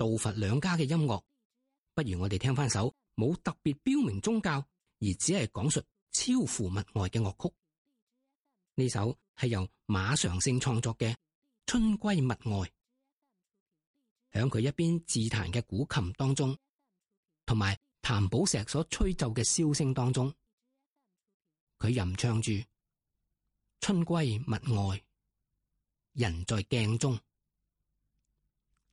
道佛兩家嘅音樂，不如我哋聽翻首冇特別標明宗教，而只係講述超乎物外嘅樂曲。呢首係由馬常勝創作嘅《春歸物外》，響佢一邊自彈嘅古琴當中，同埋譚寶石所吹奏嘅簫聲當中，佢吟唱住《春歸物外》，人在鏡中。